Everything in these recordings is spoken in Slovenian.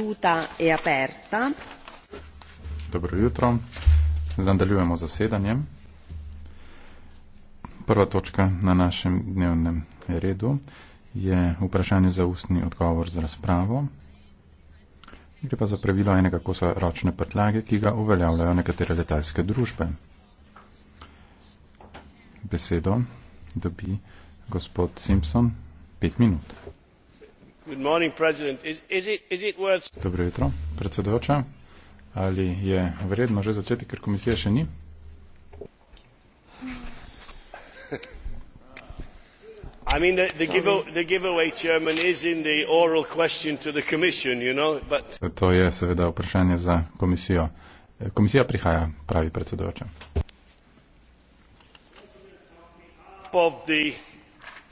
instituta je aperta. Dobro jutro. Zandaljujemo zasedanje. Prva točka na našem dnevnem redu je vprašanje za ustni odgovor z razpravo. Gre pa za pravilo enega kosa ročne prtljage, ki ga uveljavljajo nekatere letalske družbe. Besedo dobi gospod Simpson. Pet minut. Dobro jutro, predsedujoča. Ali je vredno že začeti, ker komisije še ni? I mean, the, the, give, the giveaway chairman is in the oral question to the commission, you know, but... To je seveda vprašanje za komisijo. Komisija prihaja, pravi predsedovče. ...of the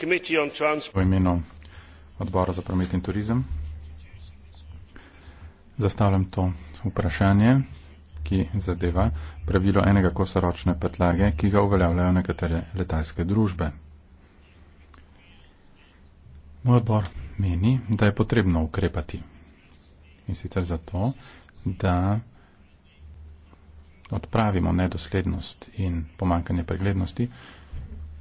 committee on transport... ...v imenu odbora za promet in turizem. Zastavljam to vprašanje, ki zadeva pravilo enega kosa ročne petlage, ki ga uveljavljajo nekatere letalske družbe. Moj odbor meni, da je potrebno ukrepati. In sicer zato, da odpravimo nedoslednost in pomankanje preglednosti,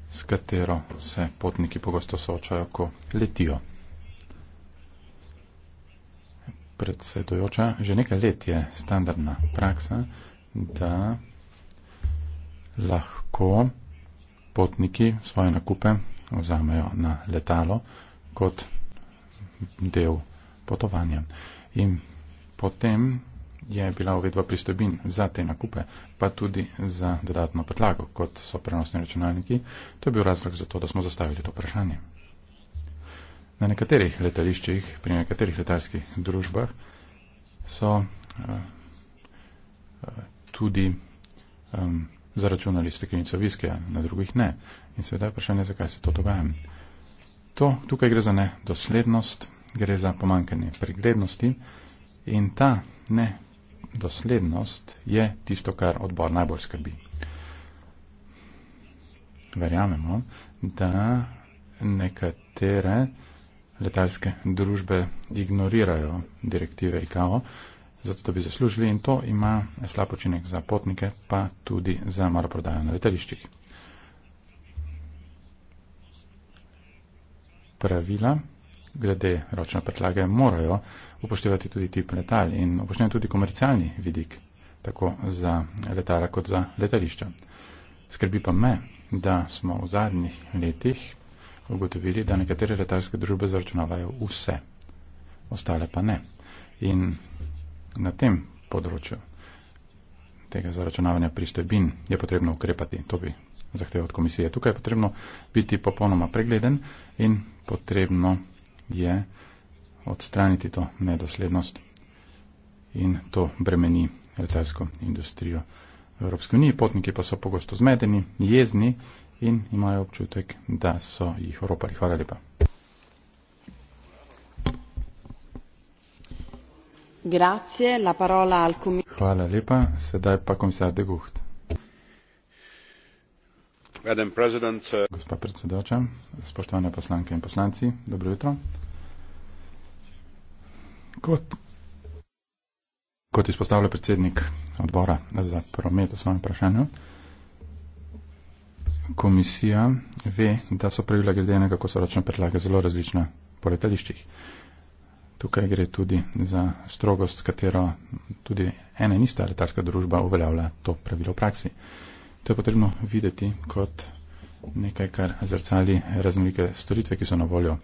s katero se potniki pogosto soočajo, ko letijo predsedujoča, že nekaj let je standardna praksa, da lahko potniki svoje nakupe vzamejo na letalo kot del potovanja. In potem je bila uvedba pristojbin za te nakupe, pa tudi za dodatno podlago, kot so prenosni računalniki. To je bil razlog za to, da smo zastavili to vprašanje. Na nekaterih letališčih, pri nekaterih letalskih družbah so eh, tudi um, zaračunali steklenico viskija, na drugih ne. In seveda je vprašanje, zakaj se to dogaja. To, tukaj gre za nedoslednost, gre za pomankanje preglednosti in ta nedoslednost je tisto, kar odbor najbolj skrbi. Verjamemo, da nekatere letalske družbe ignorirajo direktive ICAO, zato da bi zaslužili in to ima slab učinek za potnike, pa tudi za maloprodajo na letališčih. Pravila glede ročne predlage morajo upoštevati tudi tip letal in upoštevati tudi komercialni vidik, tako za letala kot za letališča. Skrbi pa me, da smo v zadnjih letih ugotovili, da nekatere letalske družbe zaračunavajo vse, ostale pa ne. In na tem področju tega zaračunavanja pristojbin je potrebno ukrepati, to bi zahteval od komisije. Tukaj je potrebno biti popolnoma pregleden in potrebno je odstraniti to nedoslednost in to bremeni letalsko industrijo. V Evropski uniji potniki pa so pogosto zmedeni, jezni in imajo občutek, da so jih ropali. Hvala lepa. Grazie, la parola al comi- Hvala lepa. Sedaj pa komisar de Gucht. Madam President, uh... Gospa predsedoča, spoštovane poslanke in poslanci, dobro jutro. Kot, kot izpostavlja predsednik odbora za promet v svojem vprašanju, komisija ve, da so pravila glede enega kosoročne predlage zelo različna po letališčih. Tukaj gre tudi za strogost, katero tudi ena in ista letarska družba uveljavlja to pravilo v praksi. To je potrebno videti kot nekaj, kar zrcali raznolike storitve, ki so na voljo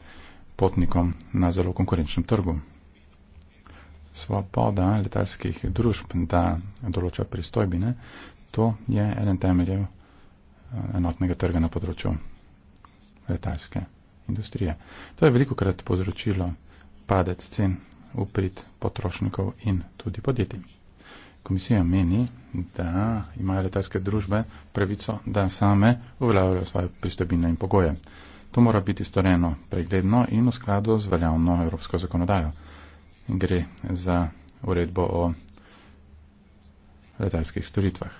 potnikom na zelo konkurenčnem trgu. Svoboda letarskih družb, da določa pristojbine, to je eden temeljev enotnega trga na področju letalske industrije. To je veliko krat povzročilo padec cen uprit potrošnikov in tudi podjetij. Komisija meni, da imajo letalske družbe pravico, da same uveljavljajo svoje pristojbine in pogoje. To mora biti storjeno pregledno in v skladu z veljavno evropsko zakonodajo. Gre za uredbo o letalskih storitvah,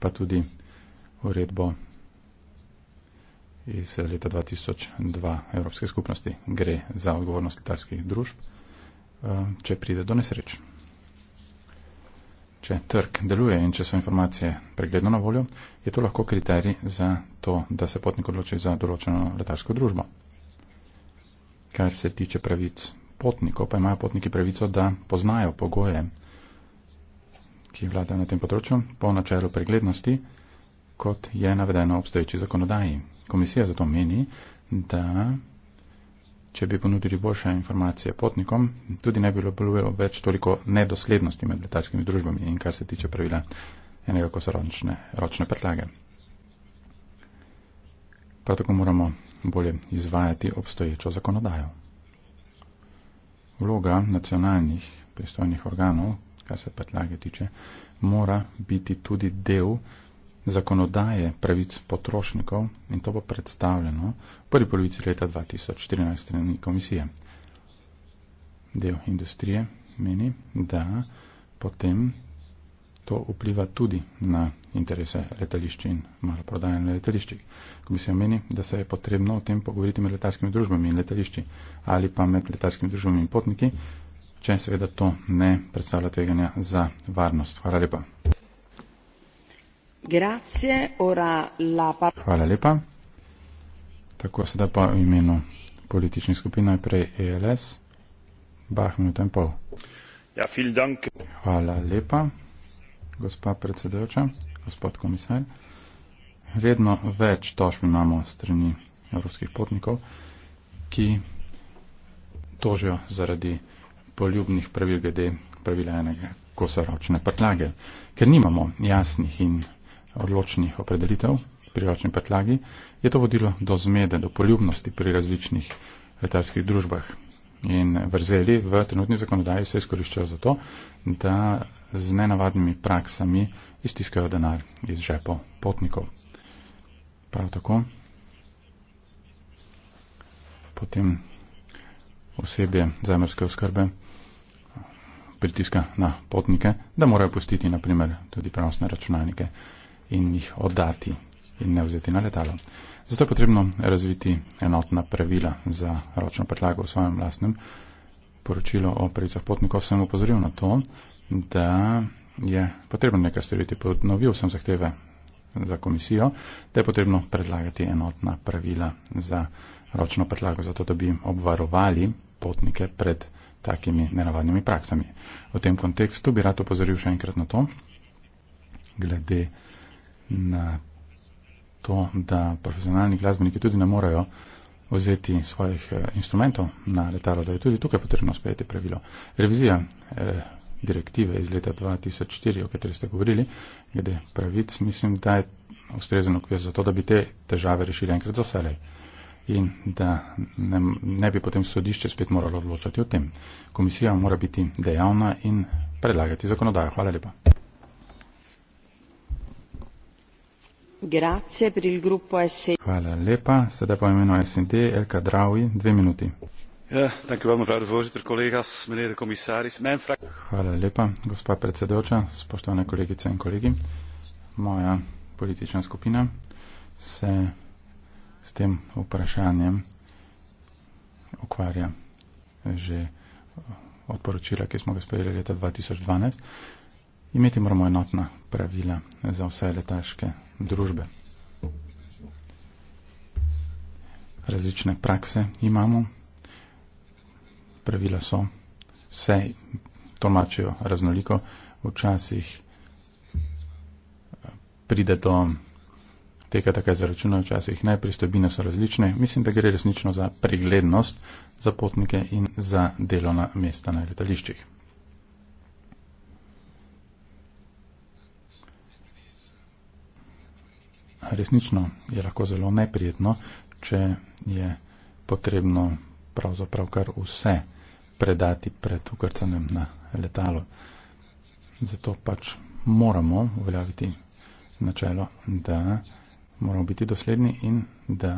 pa tudi uredbo iz leta 2002 Evropske skupnosti gre za odgovornost letalskih družb, eh, če pride do nesreč. Če trg deluje in če so informacije pregledno na voljo, je to lahko kriterij za to, da se potnik odloči za določeno letalsko družbo. Kar se tiče pravic potnikov, pa imajo potniki pravico, da poznajo pogoje, ki vladajo na tem področju, po načelu preglednosti, kot je navedeno v obstoječi zakonodaji, komisija zato meni, da če bi ponudili boljše informacije potnikom, tudi ne bi bilo več toliko nedoslednosti med letalskimi družbami in kar se tiče pravila enega kosa ročne, ročne prtlage. Prav tako moramo bolje izvajati obstoječo zakonodajo. Vloga nacionalnih pristojnih organov, kar se prtlage tiče, mora biti tudi del zakonodaje pravic potrošnikov in to bo predstavljeno v prvi polovici leta 2014 strani komisije. Del industrije meni, da potem to vpliva tudi na interese letališč in maloprodaje na letališčih. Komisija meni, da se je potrebno o tem pogovoriti med letalskimi družbami in letališči ali pa med letalskimi družbami in potniki, če seveda to ne predstavlja tveganja za varnost. Hvala lepa. Hvala lepa. Tako sedaj pa v imenu politične skupine najprej ELS. Bah, minuto in pol. Ja, Hvala lepa, gospa predsedujoča, gospod komisar. Vedno več tožb imamo strani evropskih potnikov, ki tožijo zaradi poljubnih pravil glede pravila enega kosa ročne prtlage, ker nimamo jasnih in odločnih opredelitev, priročni prtljagi, je to vodilo do zmede, do poljubnosti pri različnih letalskih družbah. In vrzeli v trenutni zakonodaji se izkoriščajo za to, da z nenavadnimi praksami iztiskajo denar iz žepov potnikov. Prav tako potem osebje zemljske oskrbe pritiska na potnike, da morajo pustiti naprimer tudi prenosne računalnike in jih oddati in ne vzeti na letalo. Zato je potrebno razviti enotna pravila za ročno prtljago v svojem lastnem poročilu o pravicah potnikov. Sem upozoril na to, da je potrebno nekaj storiti. Podnovil sem zahteve za komisijo, da je potrebno predlagati enotna pravila za ročno prtljago, zato da bi obvarovali potnike pred takimi nenavadnimi praksami. V tem kontekstu bi rad upozoril še enkrat na to, glede in to, da profesionalni glasbeniki tudi ne morejo vzeti svojih eh, instrumentov na letalo, da je tudi tukaj potrebno sprejeti pravilo. Revizija eh, direktive iz leta 2004, o kateri ste govorili, glede pravic, mislim, da je ustrezen okvir za to, da bi te težave rešili enkrat za vselej in da ne, ne bi potem sodišče spet moralo odločati o tem. Komisija mora biti dejavna in predlagati zakonodajo. Hvala lepa. E. Hvala lepa. Sedaj pa imeno SND, Elka Dravi, dve minuti. Ja, thank you, mevrouw de voorzitter, collega's, meneer de commissaris. Mijn vraag... Hvala lepa, gospa predsedoča, spoštovane kolegice in kolegi. Moja politična skupina se s tem vprašanjem ukvarja že od poročila, ki smo ga sprejeli leta 2012. Imeti moramo enotna pravila za vse letaške družbe. Različne prakse imamo, pravila so, se tomačijo raznoliko, včasih eh, pride do tega, da kaj zaračunajo, včasih ne, pristojbine so različne. Mislim, da gre resnično za preglednost za potnike in za delovna mesta na letališčih. resnično je lahko zelo neprijetno, če je potrebno pravzaprav kar vse predati pred ukrcanjem na letalo. Zato pač moramo uveljaviti načelo, da moramo biti dosledni in da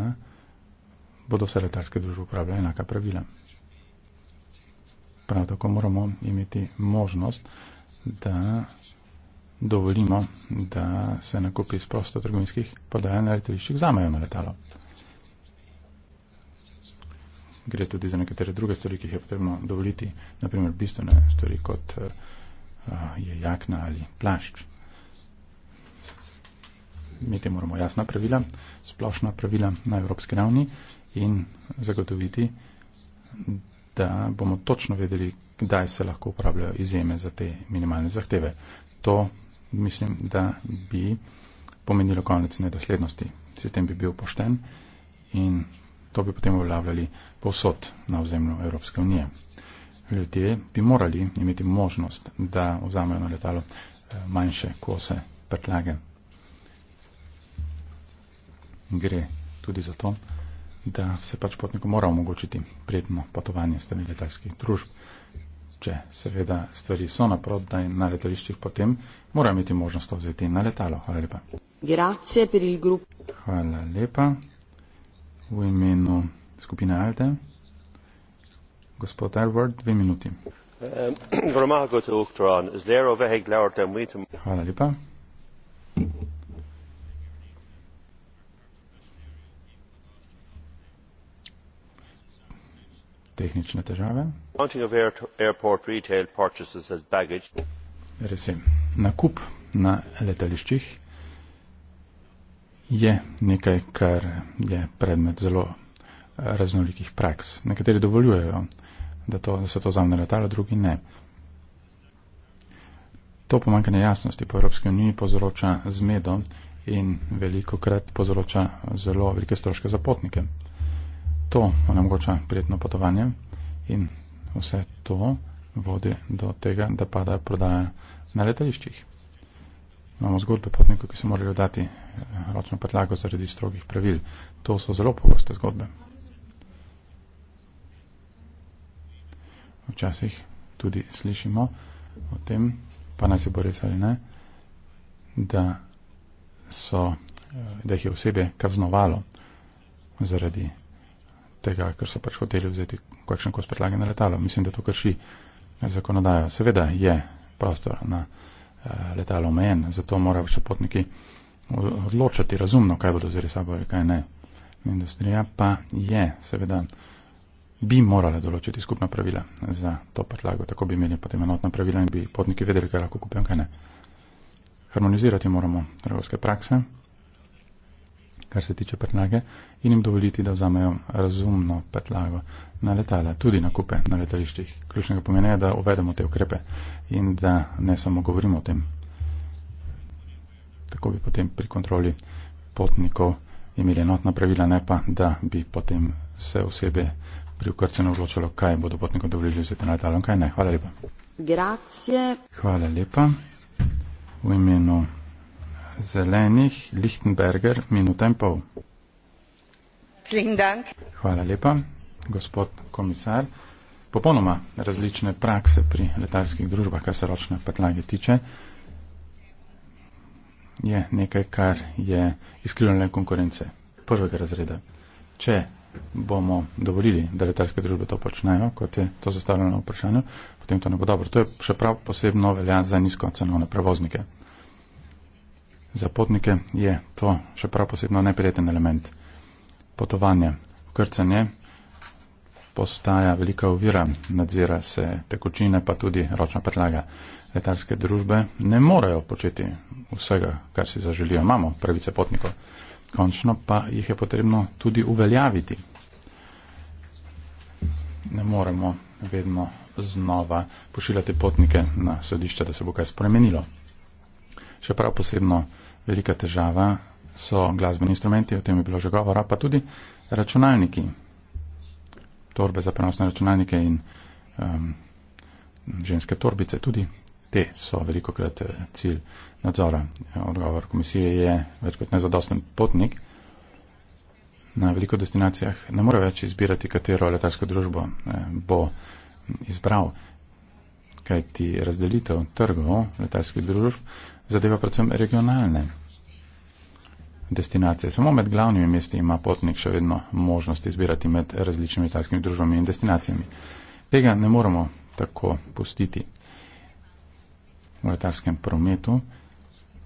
bodo vse letalske družbe upravljale enaka pravila. Prav tako moramo imeti možnost, da dovolimo, da se nakupi iz prostotrgovinskih podajanj ali tališčih vzamejo na letalo. Gre tudi za nekatere druge stvari, ki jih je potrebno dovoliti, naprimer bistvene stvari, kot eh, je jakna ali plašč. Mi te moramo jasna pravila, splošna pravila na evropski ravni in zagotoviti, da bomo točno vedeli, kdaj se lahko uporabljajo izjeme za te minimalne zahteve. To mislim, da bi pomenilo konec nedoslednosti. Sistem bi bil pošten in to bi potem uveljavljali povsod na ozemlju Evropske unije. Ljudje bi morali imeti možnost, da vzamejo na letalo eh, manjše kose prtlage. Gre tudi za to, da se pač potniku mora omogočiti prijetno potovanje strani letalskih družb če seveda stvari so naprodaj na letališčih, potem mora imeti možnost to vzeti na letalo. Hvala lepa. Grazie per il gruppo. Hvala lepa. V imenu skupine Alde. Gospod Elward, dve minuti. Ehm, Hvala lepa. tehnične težave. Nakup na letališčih je nekaj, kar je predmet zelo eh, raznolikih praks. Nekateri dovoljujejo, da, to, da se to zamne letalo, drugi ne. To pomankanje jasnosti po Evropski uniji povzroča zmedo in veliko krat povzroča zelo velike stroške za potnike to onemogoča prijetno potovanje in vse to vodi do tega, da pada prodaja na letališčih. Imamo zgodbe potnikov, ki so morali dati eh, ročno predlago zaradi strogih pravil. To so zelo pogoste zgodbe. Včasih tudi slišimo o tem, pa naj se bo res ali ne, da, so, eh, da jih je osebe kaznovalo zaradi tega, ker so pač hoteli vzeti kakšen kos predlagane letalo. Mislim, da to krši zakonodajo. Seveda je prostor na eh, letalo omejen, zato morajo še potniki odločati razumno, kaj bodo vzeli sabo ali kaj ne. Industrija pa je, seveda, bi morala določiti skupna pravila za to podlago. Tako bi imeli potem enotna pravila in bi potniki vedeli, kaj lahko kupijo in kaj ne. Harmonizirati moramo trgovske prakse kar se tiče prtlage, in jim dovoliti, da vzamejo razumno prtlago na letala, tudi na kupe na letališčih. Ključnega pomena je, da uvedemo te ukrepe in da ne samo govorimo o tem. Tako bi potem pri kontroli potnikov imeli enotna pravila, ne pa, da bi potem se osebe pri ukrcenu odločilo, kaj bodo potnikom dovolili se na letalo in kaj ne. Hvala lepa. Grazie. Hvala lepa. V imenu zelenih Lichtenberger minuta in pol. Hvala lepa, gospod komisar. Popolnoma različne prakse pri letalskih družbah, kar se ročne podlage tiče, je nekaj, kar je izkrivljanje konkurence prvega razreda. Če bomo dovolili, da letalske družbe to počnejo, kot je to zastavljeno v vprašanju, potem to ne bo dobro. To je še prav posebno velja za nizko cenovne prevoznike za potnike je to še prav posebno neprijeten element. Potovanje, krcanje postaja velika ovira, nadzira se tekočine, pa tudi ročna prtlaga. Letalske družbe ne morejo početi vsega, kar si zaželijo. Imamo pravice potnikov. Končno pa jih je potrebno tudi uveljaviti. Ne moremo vedno znova pošiljati potnike na sodišče, da se bo kaj spremenilo. Še prav posebno velika težava so glasbeni instrumenti, o tem je bilo že govora, pa tudi računalniki, torbe za prenosne računalnike in um, ženske torbice, tudi te so veliko krat eh, cilj nadzora. Odgovor komisije je več kot nezadosten potnik. Na veliko destinacijah ne more več izbirati, katero letalsko družbo eh, bo izbral kajti razdelitev trgov letalskih družb zadeva predvsem regionalne destinacije. Samo med glavnimi mesti ima potnik še vedno možnost izbirati med različnimi letalskimi družbami in destinacijami. Tega ne moremo tako pustiti v letalskem prometu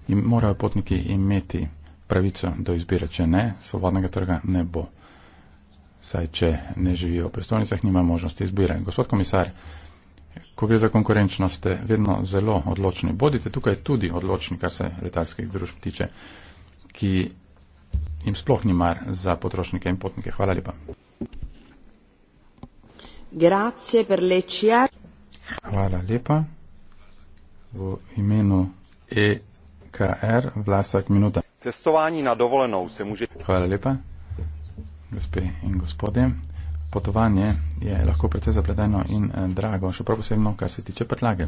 in morajo potniki imeti pravico do izbire, če ne, svobodnega trga ne bo. Saj, če ne živijo v prestolnicah, nima možnosti izbire. Gospod komisar, Ko gre za konkurenčnost, ste vedno zelo odločni. Bodite tukaj tudi odločni, kar se letalskih družb tiče, ki jim sploh ni mar za potrošnike in potnike. Hvala lepa. Hvala lepa. V imenu EKR Vlasak minuta. Cestovanje na dovolenou se může. Hvala lepa, gospe in gospodje potovanje je lahko precej zapleteno in eh, drago, še prav posebno, kar se tiče prtlage.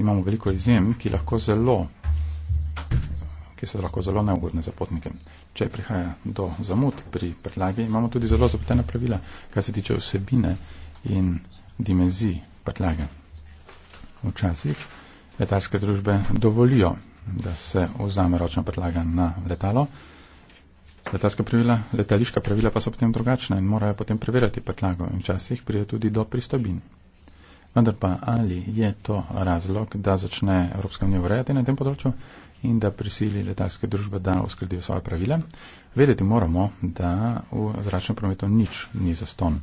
Imamo veliko izjem, ki, lahko zelo, ki so lahko zelo neugodne za potnike. Če prihaja do zamud pri prtlagi, imamo tudi zelo zapletena pravila, kar se tiče vsebine in dimenzij prtlage. Včasih letalske družbe dovolijo, da se vzame ročna prtlaga na letalo, Letalska pravila, letališka pravila pa so potem drugačna in morajo potem preverjati prtljago in včasih prije tudi do pristobin. Vendar pa ali je to razlog, da začne Evropska unija urejati na tem področju in da prisili letalske družbe, da uskladijo svoje pravile? Vedeti moramo, da v zračnem prometu nič ni zaston.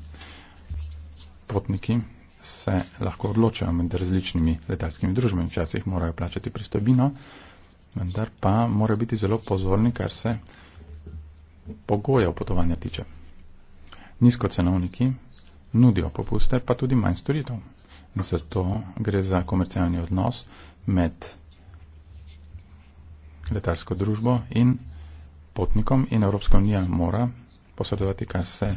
Potniki se lahko odločajo med različnimi letalskimi družbami, včasih morajo plačati pristobino, vendar pa morajo biti zelo pozorni, kar se pogojev potovanja tiče. Nizkocenovniki nudijo popuste, pa tudi manj storitev. In zato gre za komercialni odnos med letarsko družbo in potnikom in Evropska unija mora posredovati, kar se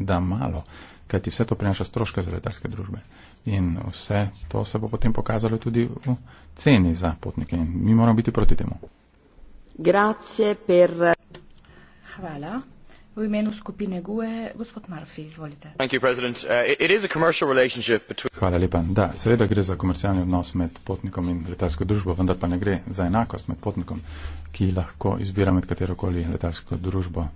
da malo, kajti vse to prinaša stroške za letarske družbe. In vse to se bo potem pokazalo tudi v ceni za potnike in mi moramo biti proti temu. Grazie per Hvala. V imenu skupine GUE, gospod Murphy, izvolite. Uh, Hvala lepa. Da, seveda gre za komercialni odnos med potnikom in letalsko družbo, vendar pa ne gre za enakost med potnikom, ki lahko izbira med katerokoli letalsko družbo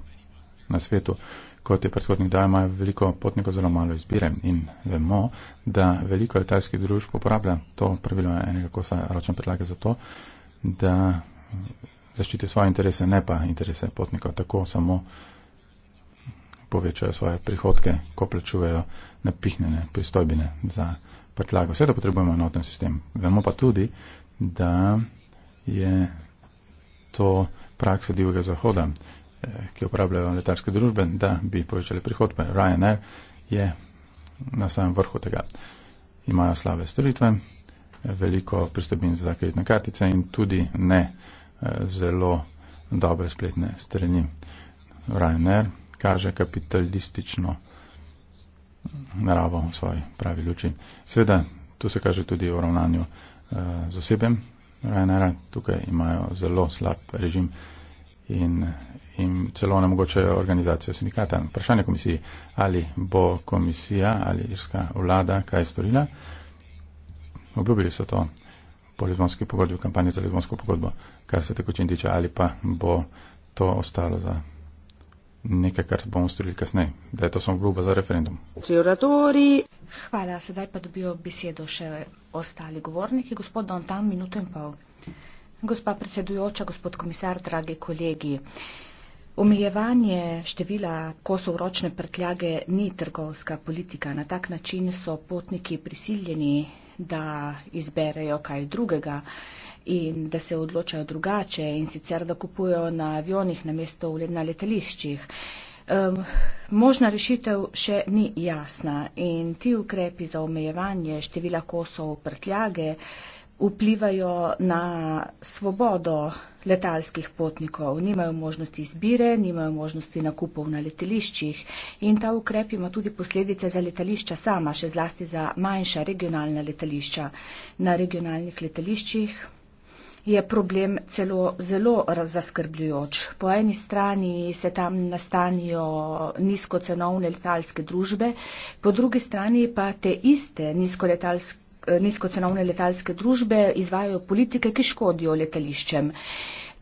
na svetu. Kot je predhodnik dajal, imajo veliko potnikov zelo malo izbire in vemo, da veliko letalskih družb uporablja to pravilo enega kosa ročne predlage za to, da zaščiti svoje interese, ne pa interese potnikov. Tako samo povečajo svoje prihodke, ko plačujejo napihnjene pristojbine za prtljago. Vse to potrebujemo enoten sistem. Vemo pa tudi, da je to praksa divjega zahoda, eh, ki uporabljajo letarske družbe, da bi povečali prihodke. Ryanair je na samem vrhu tega. Imajo slabe storitve, veliko pristojbin za kreditne kartice in tudi ne zelo dobre spletne strani. Ryanair kaže kapitalistično naravo v svoji pravi luči. Seveda, tu se kaže tudi v ravnanju eh, z osebem Ryanaira. Tukaj imajo zelo slab režim in jim celo onemogočajo organizacijo sindikata. Vprašanje komisiji, ali bo komisija ali irska vlada kaj storila. Obljubili so to po Lizbonski pogodbi, v kampanji za Lizbonsko pogodbo, kar se tekočin tiče, ali pa bo to ostalo za nekaj, kar bomo storili kasneje, da je to samo gluba za referendum. Hvala, sedaj pa dobijo besedo še ostali govorniki. Gospod Dontan, minuto in pol. Gospa predsedujoča, gospod komisar, dragi kolegi. Omejevanje števila kosov ročne prtljage ni trgovska politika. Na tak način so potniki prisiljeni da izberejo kaj drugega in da se odločajo drugače in sicer da kupujo na avionih namesto na letališčih. Um, možna rešitev še ni jasna in ti ukrepi za omejevanje števila kosov prtljage vplivajo na svobodo letalskih potnikov, nimajo možnosti izbire, nimajo možnosti nakupov na letališčih in ta ukrep ima tudi posledice za letališča sama, še zlasti za manjša regionalna letališča. Na regionalnih letališčih je problem celo zelo zaskrbljujoč. Po eni strani se tam nastanijo nizkocenovne letalske družbe, po drugi strani pa te iste nizkoletalske nizkocenovne letalske družbe izvajajo politike, ki škodijo letališčem.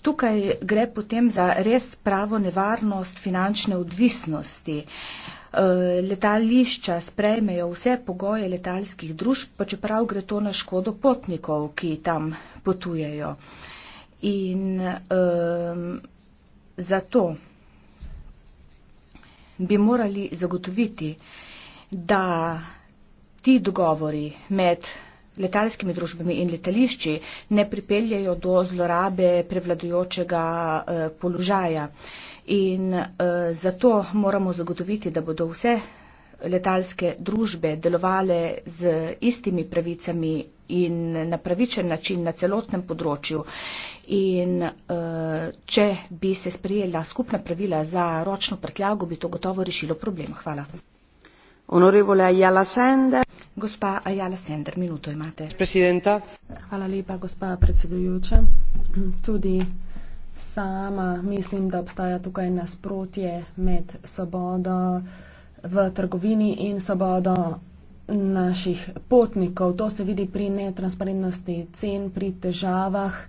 Tukaj gre potem za res pravo nevarnost finančne odvisnosti. E, letališča sprejmejo vse pogoje letalskih družb, pa čeprav gre to na škodo potnikov, ki tam potujejo. In um, zato bi morali zagotoviti, da ti dogovori med letalskimi družbami in letališči ne pripeljajo do zlorabe prevladujočega eh, položaja. In eh, zato moramo zagotoviti, da bodo vse letalske družbe delovale z istimi pravicami in na pravičen način na celotnem področju. In eh, če bi se sprijela skupna pravila za ročno prtljago, bi to gotovo rešilo problem. Hvala gospa predsednica hvala lepa gospa predsedujoča tudi sama mislim da obstaja tukaj nasprotje med svobodo v trgovini in svobodo naših potnikov to se vidi pri netransparentnosti cen pri težavah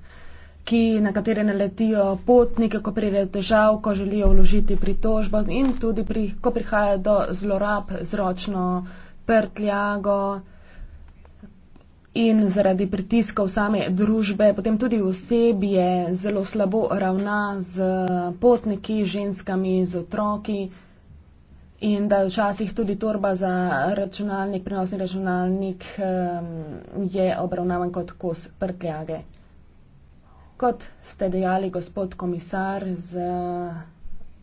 ki, na katere naletijo potniki, ko pridejo težav, ko želijo vložiti pritožbo in tudi, pri, ko prihaja do zlorab z ročno prtljago in zaradi pritiskov same družbe, potem tudi osebje zelo slabo ravna z potniki, ženskami, z otroki. In da včasih tudi torba za računalnik, prenosni računalnik ehm, je obravnavan kot kos prtljage kot ste dejali, gospod komisar, z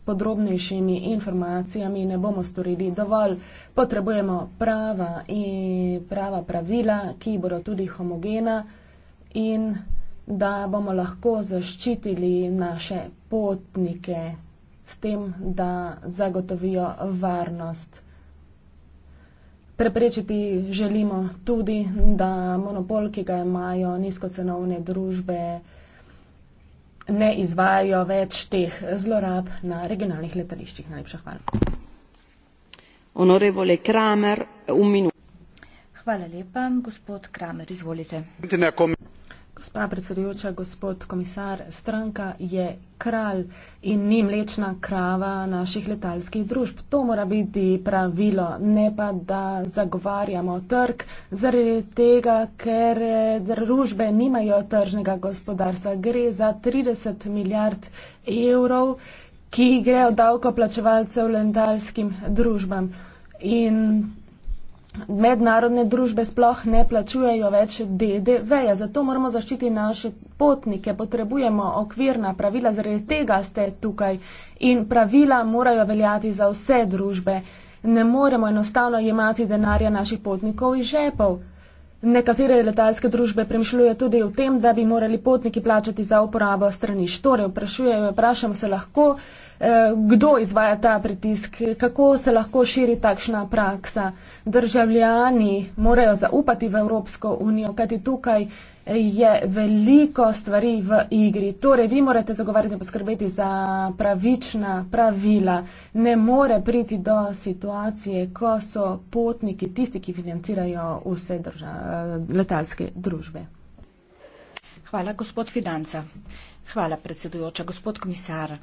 podrobnejšimi informacijami ne bomo storili dovolj. Potrebujemo prava in prava pravila, ki bodo tudi homogena in da bomo lahko zaščitili naše potnike s tem, da zagotovijo varnost. Preprečiti želimo tudi, da monopol, ki ga imajo nizkocenovne družbe, eh, ne izvajajo več teh zlorab na regionalnih letališčih. Najlepša hvala. Honorevole Kramer, v minuto. Hvala lepa, gospod Kramer, izvolite. Gospa predsedujoča, gospod komisar, stranka je kralj in ni mlečna krava naših letalskih družb. To mora biti pravilo, ne pa da zagovarjamo trg zaradi tega, ker družbe nimajo tržnega gospodarstva. Gre za 30 milijard evrov, ki grejo davkoplačevalce v letalskim družbam. In mednarodne družbe sploh ne plačujejo več DDV-ja. Zato moramo zaščiti naše potnike, potrebujemo okvirna pravila, zaradi tega ste tukaj in pravila morajo veljati za vse družbe. Ne moremo enostavno jemati denarja naših potnikov iz žepov. Nekatere letalske družbe premišljujejo tudi o tem, da bi morali potniki plačati za uporabo stranišč. Torej, vprašamo se lahko, eh, kdo izvaja ta pritisk, kako se lahko širi takšna praksa. Državljani morajo zaupati v Evropsko unijo, kajti tukaj je veliko stvari v igri. Torej, vi morate zagovarjati, poskrbeti za pravična pravila. Ne more priti do situacije, ko so potniki tisti, ki financirajo vse drža, letalske družbe. Hvala, gospod Fidanca. Hvala, predsedujoča. Gospod komisar,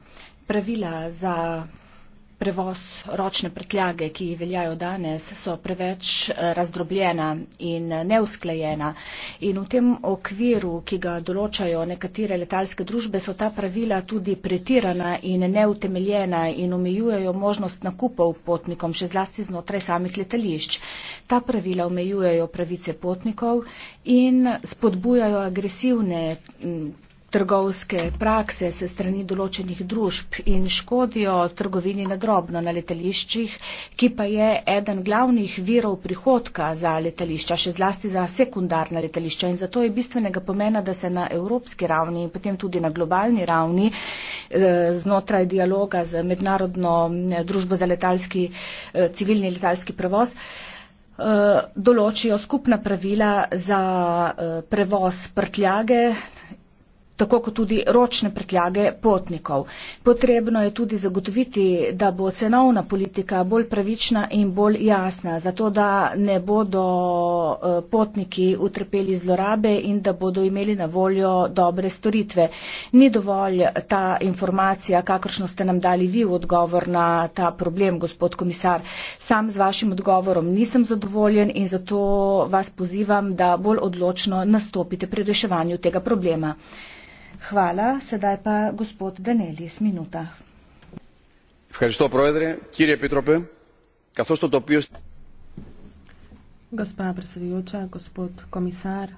pravila za prevoz ročne prtljage, ki veljajo danes, so preveč eh, razdrobljena in eh, neusklejena. In v tem okviru, ki ga določajo nekatere letalske družbe, so ta pravila tudi pretirana in neutemeljena in omejujejo možnost nakupov potnikom, še zlasti znotraj samih letališč. Ta pravila omejujejo pravice potnikov in spodbujajo agresivne trgovske prakse se strani določenih družb in škodijo trgovini na drobno na letališčih, ki pa je eden glavnih virov prihodka za letališča, še zlasti za sekundarna letališča. In zato je bistvenega pomena, da se na evropski ravni in potem tudi na globalni ravni eh, znotraj dialoga z mednarodno eh, družbo za letalski, eh, civilni letalski prevoz določijo skupna pravila za prevoz prtljage tako kot tudi ročne pretljage potnikov. Potrebno je tudi zagotoviti, da bo cenovna politika bolj pravična in bolj jasna, zato da ne bodo eh, potniki utrpeli zlorabe in da bodo imeli na voljo dobre storitve. Ni dovolj ta informacija, kakršno ste nam dali vi v odgovor na ta problem, gospod komisar. Sam z vašim odgovorom nisem zadovoljen in zato vas pozivam, da bolj odločno nastopite pri reševanju tega problema. Hvala. Sedaj pa gospod Danelis, minuta. Gospa predsedujoča, gospod komisar,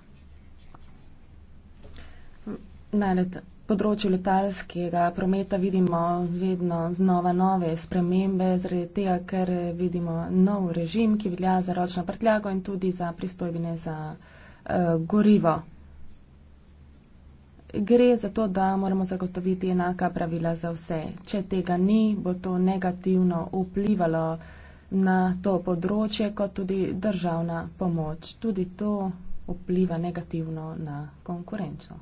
na let, področju letalskega prometa vidimo vedno znova nove spremembe, zaradi tega, ker vidimo nov režim, ki velja za ročno prtljago in tudi za pristojbine za uh, gorivo gre za to, da moramo zagotoviti enaka pravila za vse. Če tega ni, bo to negativno vplivalo na to področje, kot tudi državna pomoč. Tudi to vpliva negativno na konkurenčo.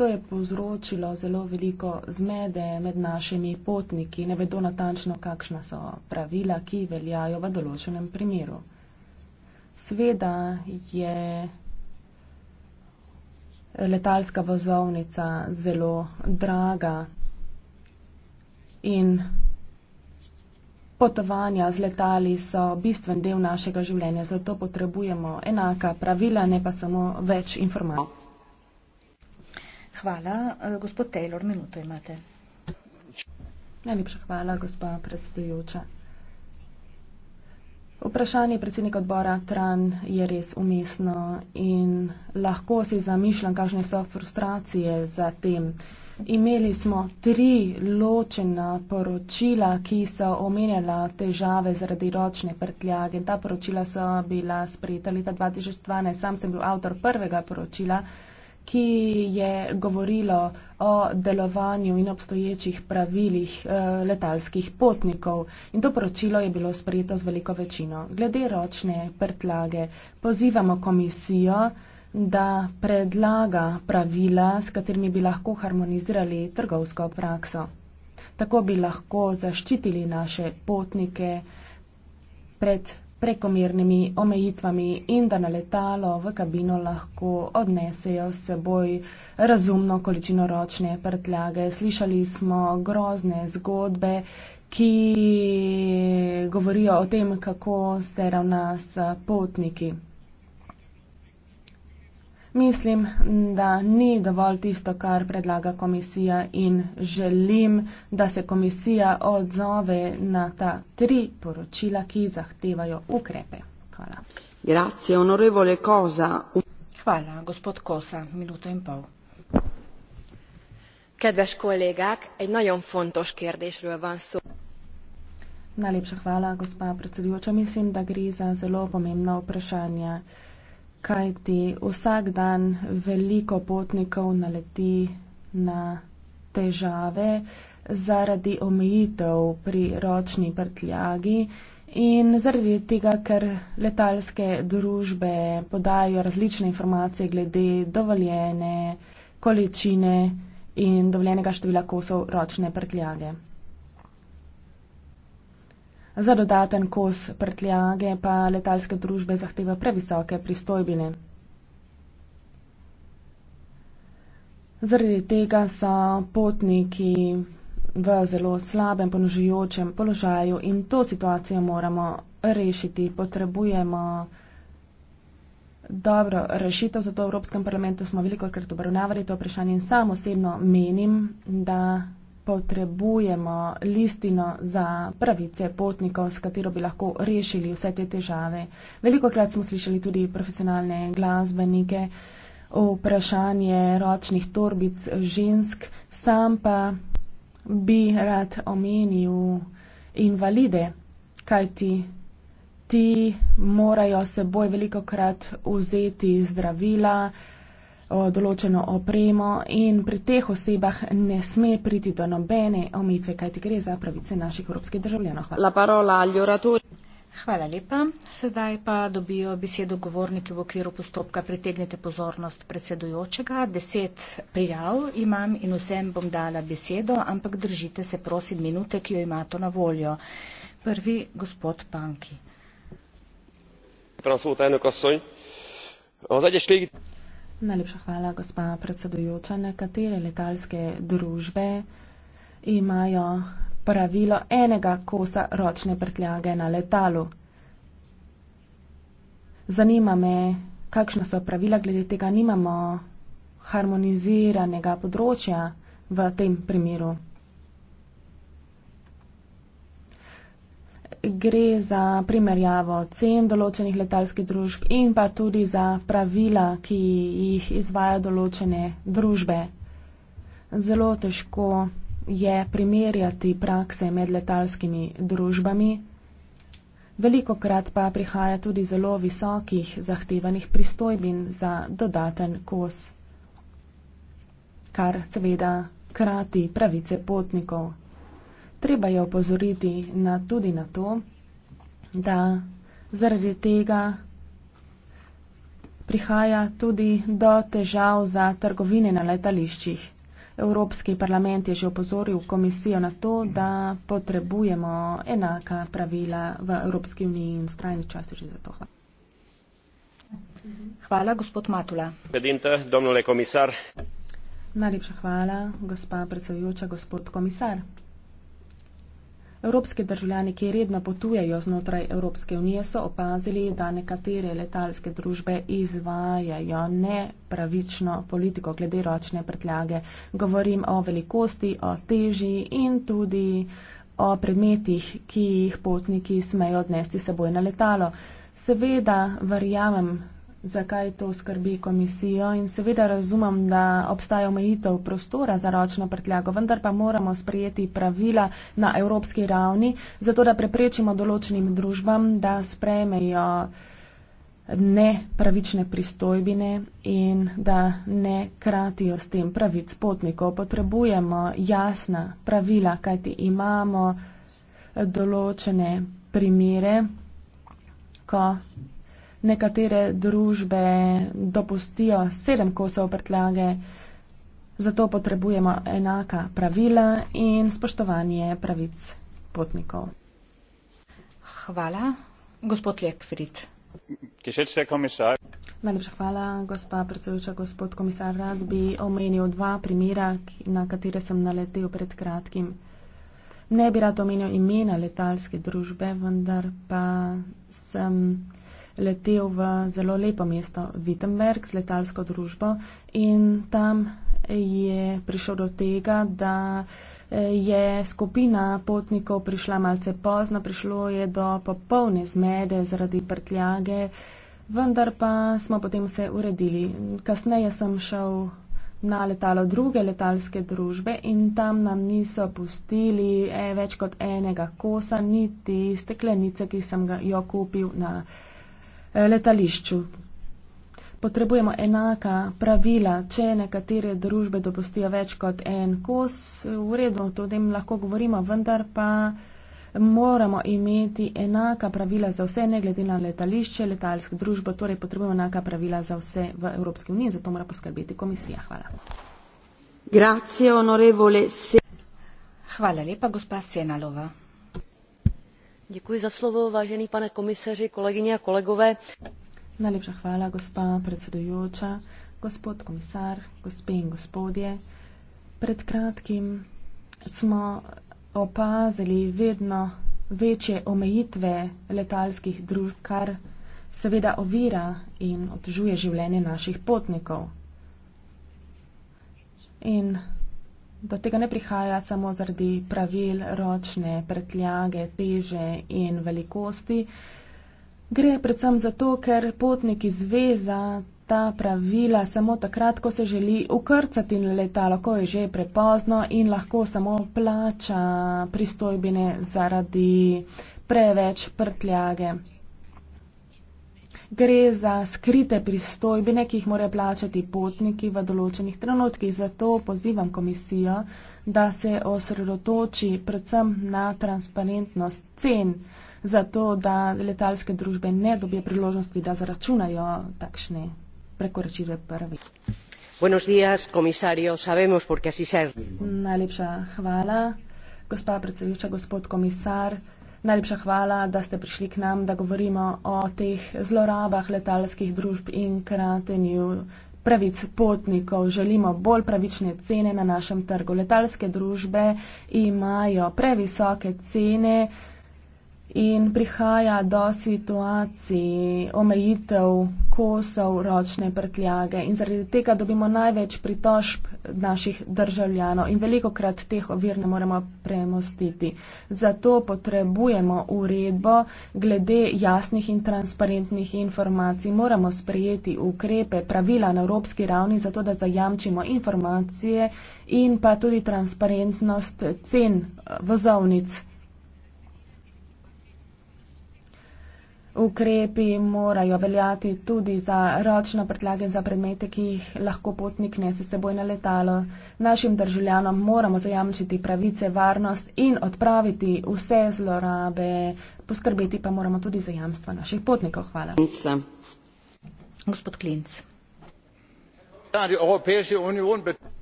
To je povzročilo zelo veliko zmede med našimi potniki, ne vedo natančno, kakšna so pravila, ki veljajo v določenem primeru. Sveda je letalska vozovnica zelo draga in potovanja z letali so bistven del našega življenja, zato potrebujemo enaka pravila, ne pa samo več informacij. Hvala. Eh, gospod Taylor, minuto imate. Najlepša hvala, gospa predsedujoča. Vprašanje predsednika odbora Tran je res umestno in lahko si zamišljam, kakšne so frustracije za tem. Imeli smo tri ločena poročila, ki so omenjala težave zaradi ročne prtljage. Ta poročila so bila sprejeta leta 2012. Sam sem bil avtor prvega poročila ki je govorilo o delovanju in obstoječih pravilih eh, letalskih potnikov. In to poročilo je bilo sprejeto z veliko večino. Glede ročne prtlage pozivamo komisijo, da predlaga pravila, s katerimi bi lahko harmonizirali trgovsko prakso. Tako bi lahko zaščitili naše potnike pred prekomernimi omejitvami in da na letalo v kabino lahko odnesejo s seboj razumno količino ročne prtljage. Slišali smo grozne zgodbe, ki govorijo o tem, kako se ravna s potniki. Mislim, da ni dovolj tisto, kar predlaga komisija in želim, da se komisija odzove na ta tri poročila, ki zahtevajo ukrepe. Hvala. Grazie, onorevole Kosa. Hvala, gospod Kosa, minuto in pol. Kedves kolegák, egy nagyon fontos kérdésről van szó. Najlepša hvala, gospa predsedujoča. Mislim, da gre za zelo pomembno vprašanje kajti vsak dan veliko potnikov naleti na težave zaradi omejitev pri ročni prtljagi in zaradi tega, ker letalske družbe podajo različne informacije glede dovoljene količine in dovoljenega števila kosov ročne prtljage. Za dodaten kos prtljage pa letalske družbe zahteva previsoke pristojbine. Zaradi tega so potniki v zelo slabem ponožujočem položaju in to situacijo moramo rešiti. Potrebujemo dobro rešitev, zato v Evropskem parlamentu smo veliko krat obravnavali to vprašanje in sam osebno menim, da potrebujemo listino za pravice potnikov, s katero bi lahko rešili vse te težave. Veliko krat smo slišali tudi profesionalne glasbenike o vprašanje ročnih torbic žensk, sam pa bi rad omenil invalide, kajti ti morajo seboj veliko krat vzeti zdravila, določeno opremo in pri teh osebah ne sme priti do nobene omitve, kajti gre za pravice naših evropskih državljanov. Hvala. Hvala lepa. Sedaj pa dobijo besedo govorniki v okviru postopka. Pritegnite pozornost predsedujočega. Deset prijav imam in vsem bom dala besedo, ampak držite se prosim minute, ki jo imate na voljo. Prvi gospod Panki. Najlepša hvala, gospa predsedujoča. Nekatere letalske družbe imajo pravilo enega kosa ročne prtljage na letalu. Zanima me, kakšna so pravila glede tega. Nimamo harmoniziranega področja v tem primeru. gre za primerjavo cen določenih letalskih družb in pa tudi za pravila, ki jih izvaja določene družbe. Zelo težko je primerjati prakse med letalskimi družbami, veliko krat pa prihaja tudi zelo visokih zahtevanih pristojbin za dodaten kos, kar seveda krati pravice potnikov. Treba je opozoriti na, tudi na to, da zaradi tega prihaja tudi do težav za trgovine na letališčih. Evropski parlament je že opozoril komisijo na to, da potrebujemo enaka pravila v Evropski uniji in skrajni čas je že za to. Hvala. Hvala, gospod Matula. Najlepša hvala, gospa predsedujoča, gospod komisar. Evropski državljani, ki redno potujejo znotraj Evropske unije, so opazili, da nekatere letalske družbe izvajajo nepravično politiko glede ročne prtljage. Govorim o velikosti, o teži in tudi o predmetih, ki jih potniki smejo odnesti seboj na letalo. Seveda verjamem, zakaj to skrbi komisijo in seveda razumem, da obstaja omejitev prostora za ročno prtljago, vendar pa moramo sprejeti pravila na evropski ravni, zato da preprečimo določenim družbam, da sprejmejo nepravične pristojbine in da ne kratijo s tem pravic potnikov. Potrebujemo jasna pravila, kajti imamo določene primere, ko nekatere družbe dopustijo sedem kosov prtljage, zato potrebujemo enaka pravila in spoštovanje pravic potnikov. Hvala, gospod Lepfrid. Najlepša hvala, gospa predsedujoča, gospod komisar. Rad bi omenil dva primera, na katere sem naletel pred kratkim. Ne bi rad omenil imena letalske družbe, vendar pa sem letel v zelo lepo mesto Wittenberg z letalsko družbo in tam je prišel do tega, da eh, je skupina potnikov prišla malce pozno, prišlo je do popolne zmede zaradi prtljage, vendar pa smo potem vse uredili. Kasneje sem šel na letalo druge letalske družbe in tam nam niso pustili e, več kot enega kosa, niti steklenice, ki sem ga, jo kupil na Eh, letališču. Potrebujemo enaka pravila, če nekatere družbe dopustijo več kot en kos, v redu, to o tem lahko govorimo, vendar pa moramo imeti enaka pravila za vse, ne glede na letališče, letalsko družbo, torej potrebujemo enaka pravila za vse v Evropski uniji, zato mora poskrbeti komisija. Hvala. Grazie, onorevole. Hvala lepa, gospa Senalova vážený pane komisaři kolegyně a kolegové najlepša hvala gospa predsedujoča gospod komisar gospe in gospodje pred kratkim smo opazili vedno večje omejitve letalskih družb kar seveda ovira in otežuje življenje naših potnikov in do tega ne prihaja samo zaradi pravil ročne pretljage, teže in velikosti. Gre predvsem zato, ker potnik izveza ta pravila samo takrat, ko se želi ukrcati na letalo, ko je že prepozno in lahko samo plača pristojbine zaradi preveč prtljage gre za skrite pristojbine, ki jih morajo plačati potniki v določenih trenutkih. Zato pozivam komisijo, da se osredotoči predvsem na transparentnost cen, zato da letalske družbe ne dobijo priložnosti, da zaračunajo takšne prekoračitve prvi. Buenos días, komisarjo, sabemos, porque así se. Najlepša hvala, gospa predsednica, gospod komisar. Najlepša hvala, da ste prišli k nam, da govorimo o teh zlorabah letalskih družb in kratenju pravic potnikov. Želimo bolj pravične cene na našem trgu. Letalske družbe imajo previsoke cene in prihaja do situacij omejitev kosov ročne prtljage in zaradi tega dobimo največ pritožb naših državljanov in veliko krat teh ovir ne moremo premostiti. Zato potrebujemo uredbo glede jasnih in transparentnih informacij. Moramo sprejeti ukrepe, pravila na evropski ravni, zato da zajamčimo informacije in pa tudi transparentnost cen vozovnic. ukrepi morajo veljati tudi za ročno prtljage za predmete, ki jih lahko potnik nese seboj na letalo. Našim državljanom moramo zajamčiti pravice, varnost in odpraviti vse zlorabe, poskrbeti pa moramo tudi za jamstva naših potnikov. Hvala. Gospod Klinc. Er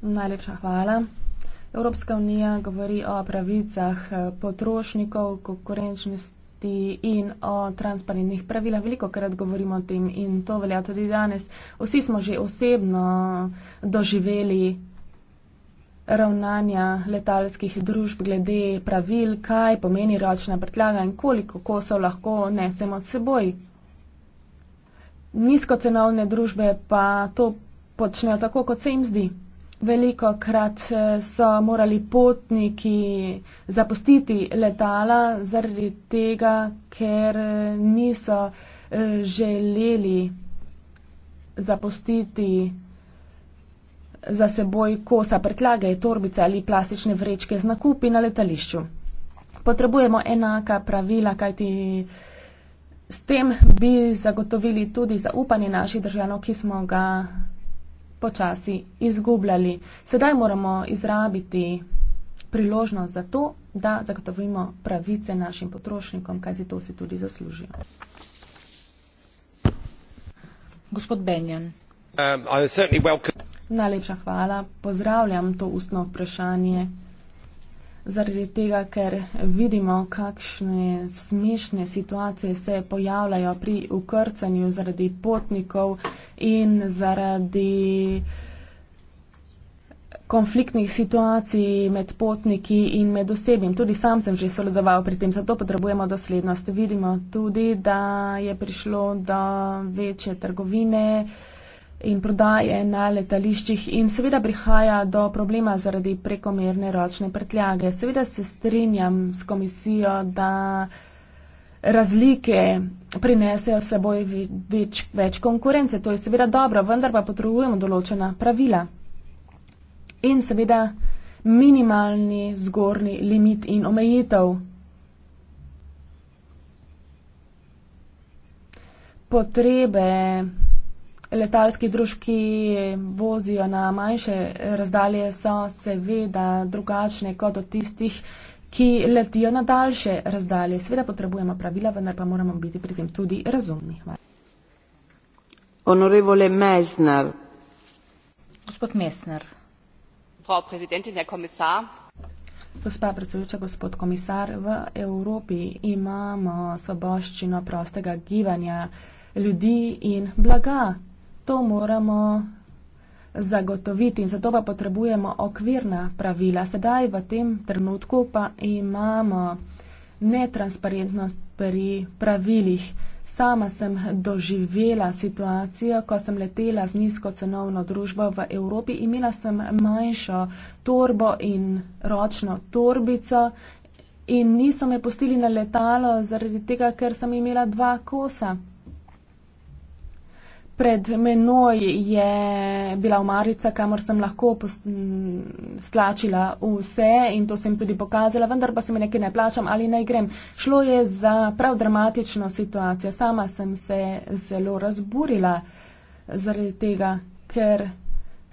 Najlepša hvala. Evropska unija govori o pravicah potrošnikov, konkurenčnosti varnosti in o transparentnih pravilah. Veliko krat govorimo o tem in to velja tudi danes. Vsi smo že osebno doživeli ravnanja letalskih družb glede pravil, kaj pomeni ročna prtljaga in koliko kosov lahko nesemo s seboj. Nizkocenovne družbe pa to počnejo tako, kot se jim zdi. Veliko krat eh, so morali potniki zapustiti letala zaradi tega, ker eh, niso eh, želeli zapustiti za seboj kosa prtljage, torbice ali plastične vrečke z nakupi na letališču. Potrebujemo enaka pravila, kajti s tem bi zagotovili tudi zaupanje naših državljanov, ki smo ga počasi izgubljali. Sedaj moramo izrabiti priložnost za to, da zagotovimo pravice našim potrošnikom, kajti to si tudi zaslužijo. Gospod Benjan. Um, Najlepša hvala. Pozdravljam to ustno vprašanje, zaradi tega, ker vidimo, kakšne smešne situacije se pojavljajo pri ukrcanju zaradi potnikov in zaradi konfliktnih situacij med potniki in med osebjem. Tudi sam sem že sodeloval pri tem, zato potrebujemo doslednost. Vidimo tudi, da je prišlo do večje trgovine. Uh, in prodaje na letališčih in seveda prihaja do problema zaradi prekomerne ročne prtljage. Seveda se strinjam s komisijo, da razlike prinesejo seboj več, več konkurence. To je seveda dobro, vendar pa potrebujemo določena pravila. In seveda minimalni zgornji limit in omejitev. Potrebe letalski družki vozijo na manjše razdalje, so seveda drugačne kot od tistih, ki letijo na daljše razdalje. Seveda potrebujemo pravila, vendar pa moramo biti pri tem tudi razumni. Hvala. Honorevole Mesner. Gospod Mesner. Frau Präsidentin, Herr Kommissar. Gospa predsedujoča, gospod komisar, v Evropi imamo svoboščino prostega gibanja ljudi in blaga to moramo zagotoviti in zato pa potrebujemo okvirna pravila. Sedaj v tem trenutku pa imamo netransparentnost pri pravilih. Sama sem doživela situacijo, ko sem letela z nizkocenovno družbo v Evropi. Imela sem manjšo torbo in ročno torbico in niso me pustili na letalo zaradi tega, ker sem imela dva kosa. Pred menoj je bila omarica, kamor sem lahko stlačila vse in to sem tudi pokazala, vendar pa se mi nekaj ne plačam ali naj grem. Šlo je za prav dramatično situacijo. Sama sem se zelo razburila zaradi tega, ker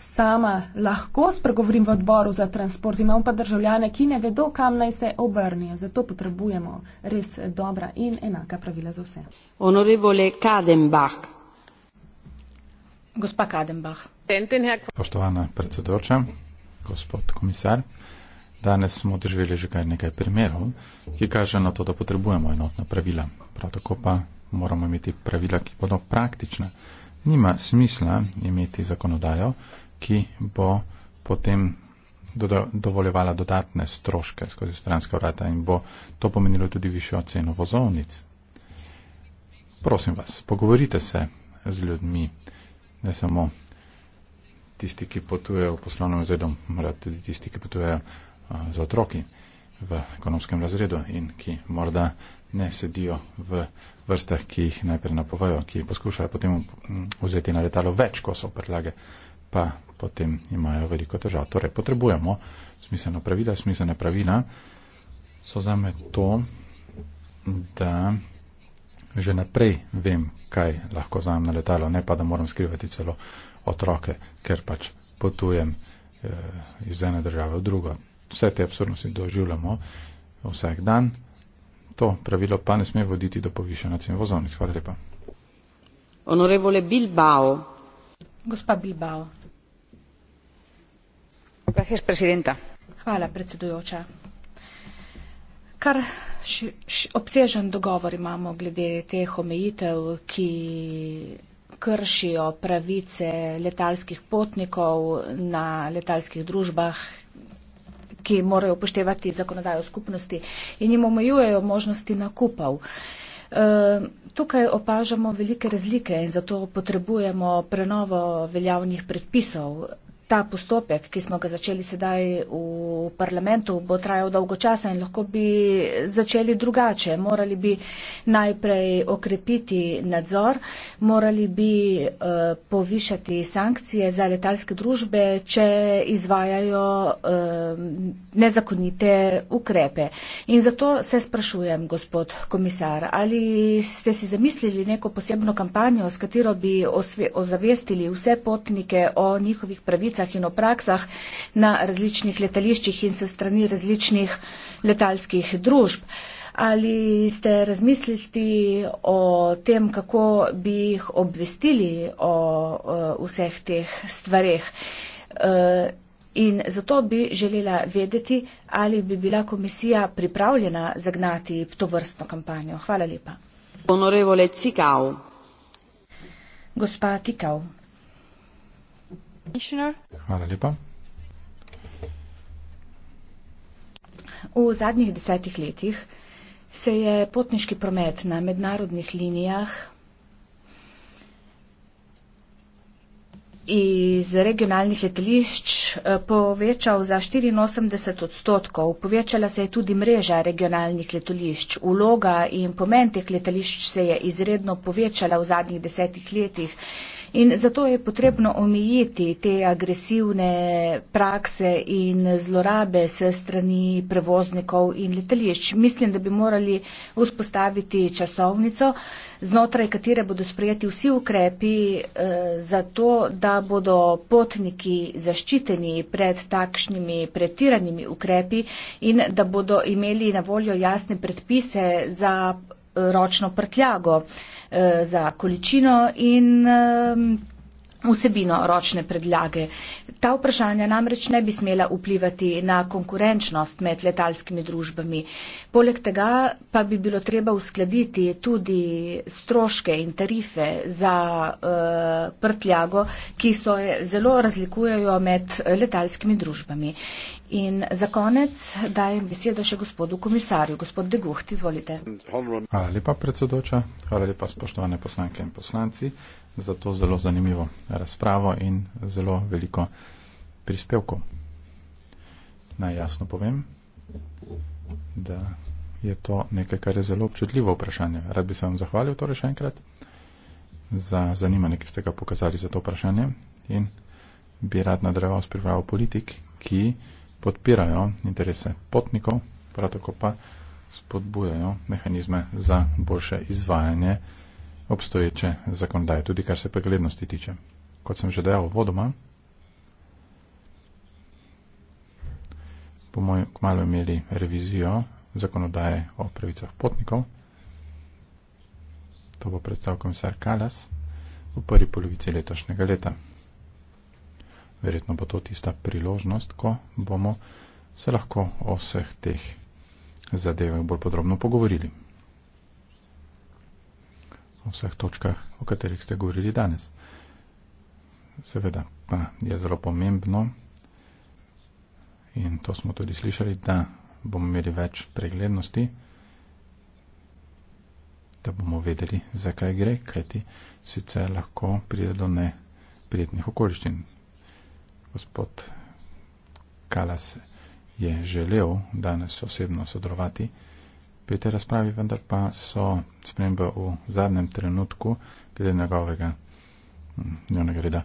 sama lahko spregovorim v odboru za transport. Imam pa državljane, ki ne vedo, kam naj se obrnijo. Zato potrebujemo res dobra in enaka pravila za vse. Honorevole Kadenbach. Gospa Kadenbach. Spoštovana predsedoča, gospod komisar. Danes smo doživeli že kar nekaj primerov, ki kaže na to, da potrebujemo enotna pravila. Prav tako pa moramo imeti pravila, ki bodo praktična. Nima smisla imeti zakonodajo, ki bo potem dovoljevala dodatne stroške skozi stranska vrata in bo to pomenilo tudi višjo ceno vozovnic. Prosim vas, pogovorite se z ljudmi, ne samo tisti, ki potujejo v poslovnem razredu, morda tudi tisti, ki potujejo za otroki v ekonomskem razredu in ki morda ne sedijo v vrstah, ki jih najprej napovajo, ki poskušajo potem vzeti na letalo več kosov predlage, pa potem imajo veliko težav. Torej, potrebujemo smiselna pravila, smiselna pravila so za me to, da že naprej vem, kaj lahko vzamem na letalo, ne pa da moram skrivati celo otroke, ker pač potujem eh, iz ene države v drugo. Vse te absurdnosti doživljamo vsak dan. To pravilo pa ne sme voditi do povišanja cen vozovnic. Hvala lepa. Honorevole Bilbao. Gospa Bilbao. Hvala, predsedujoča kar ši, ši, obsežen dogovor imamo glede teh omejitev, ki kršijo pravice letalskih potnikov na letalskih družbah, ki morajo upoštevati zakonodajo skupnosti in jim omejujejo možnosti nakupov. E, tukaj opažamo velike razlike in zato potrebujemo prenovo veljavnih predpisov. Ta postopek, ki smo ga začeli sedaj v parlamentu, bo trajal dolgo časa in lahko bi začeli drugače. Morali bi najprej okrepiti nadzor, morali bi eh, povišati sankcije za letalske družbe, če izvajajo eh, nezakonite ukrepe. In zato se sprašujem, gospod komisar, ali ste si zamislili neko posebno kampanjo, s katero bi ozavestili vse potnike o njihovih pravicah, letalnicah in o praksah na različnih letališčih in se strani različnih letalskih družb. Ali ste razmislili o tem, kako bi jih obvestili o, o vseh teh stvareh? E, in zato bi želela vedeti, ali bi bila komisija pripravljena zagnati to vrstno kampanjo. Hvala lepa. Gospa Tikau. Hvala lepa. V zadnjih desetih letih se je potniški promet na mednarodnih linijah iz regionalnih letališč eh, povečal za 84 odstotkov. Povečala se je tudi mreža regionalnih letališč. Uloga in pomen teh letališč se je izredno povečala v zadnjih desetih letih. In zato je potrebno omejiti te agresivne prakse in zlorabe se strani prevoznikov in letališč. Mislim, da bi morali vzpostaviti časovnico, znotraj katere bodo sprejeti vsi ukrepi eh, za to, da bodo potniki zaščiteni pred takšnimi pretiranimi ukrepi in da bodo imeli na voljo jasne predpise za ročno prtljago eh, za količino in ehm, vsebino ročne predlage. Ta vprašanja namreč ne bi smela vplivati na konkurenčnost med letalskimi družbami. Poleg tega pa bi bilo treba uskladiti tudi stroške in tarife za eh, prtljago, ki se zelo razlikujejo med letalskimi družbami. In za konec dajem besedo še gospodu komisarju. Gospod Deguht, izvolite. Hvala lepa, predsedoča. Hvala lepa, spoštovane poslanke in poslanci, za to zelo zanimivo razpravo in zelo veliko prispevkov. Naj jasno povem, da je to nekaj, kar je zelo občutljivo vprašanje. Rad bi se vam zahvalil torej še enkrat za zanimanje, ki ste ga pokazali za to vprašanje in bi rad nadaljeval s pripravo politik, ki podpirajo interese potnikov, prav tako pa spodbujajo mehanizme za boljše izvajanje obstoječe zakonodaje, tudi kar se preglednosti tiče. Kot sem že dejal vodoma, bomo kmalo imeli revizijo zakonodaje o pravicah potnikov. To bo predstavil komisar Kalas v prvi polovici letošnjega leta verjetno bo to tista priložnost, ko bomo se lahko o vseh teh zadevah bolj podrobno pogovorili. O vseh točkah, o katerih ste govorili danes. Seveda pa je zelo pomembno in to smo tudi slišali, da bomo imeli več preglednosti, da bomo vedeli, zakaj gre, kajti sicer lahko pride do neprijetnih okoliščin gospod Kalas je želel danes osebno sodelovati pri tej razpravi, vendar pa so spremembe v zadnjem trenutku glede njegovega mm, dnevnega reda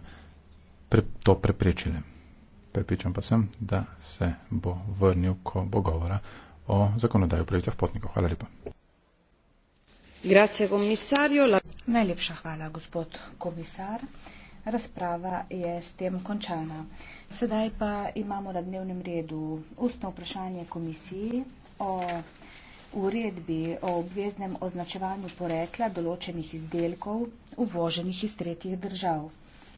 pre, to preprečile. Prepričan pa sem, da se bo vrnil, ko bo govora o zakonodaji o pravicah potnikov. Hvala lepa. Grazie, la... Najlepša hvala, gospod komisar. Razprava je s tem končana. Sedaj pa imamo na dnevnem redu ustno vprašanje komisiji o uredbi o obveznem označevanju porekla določenih izdelkov uvoženih iz tretjih držav.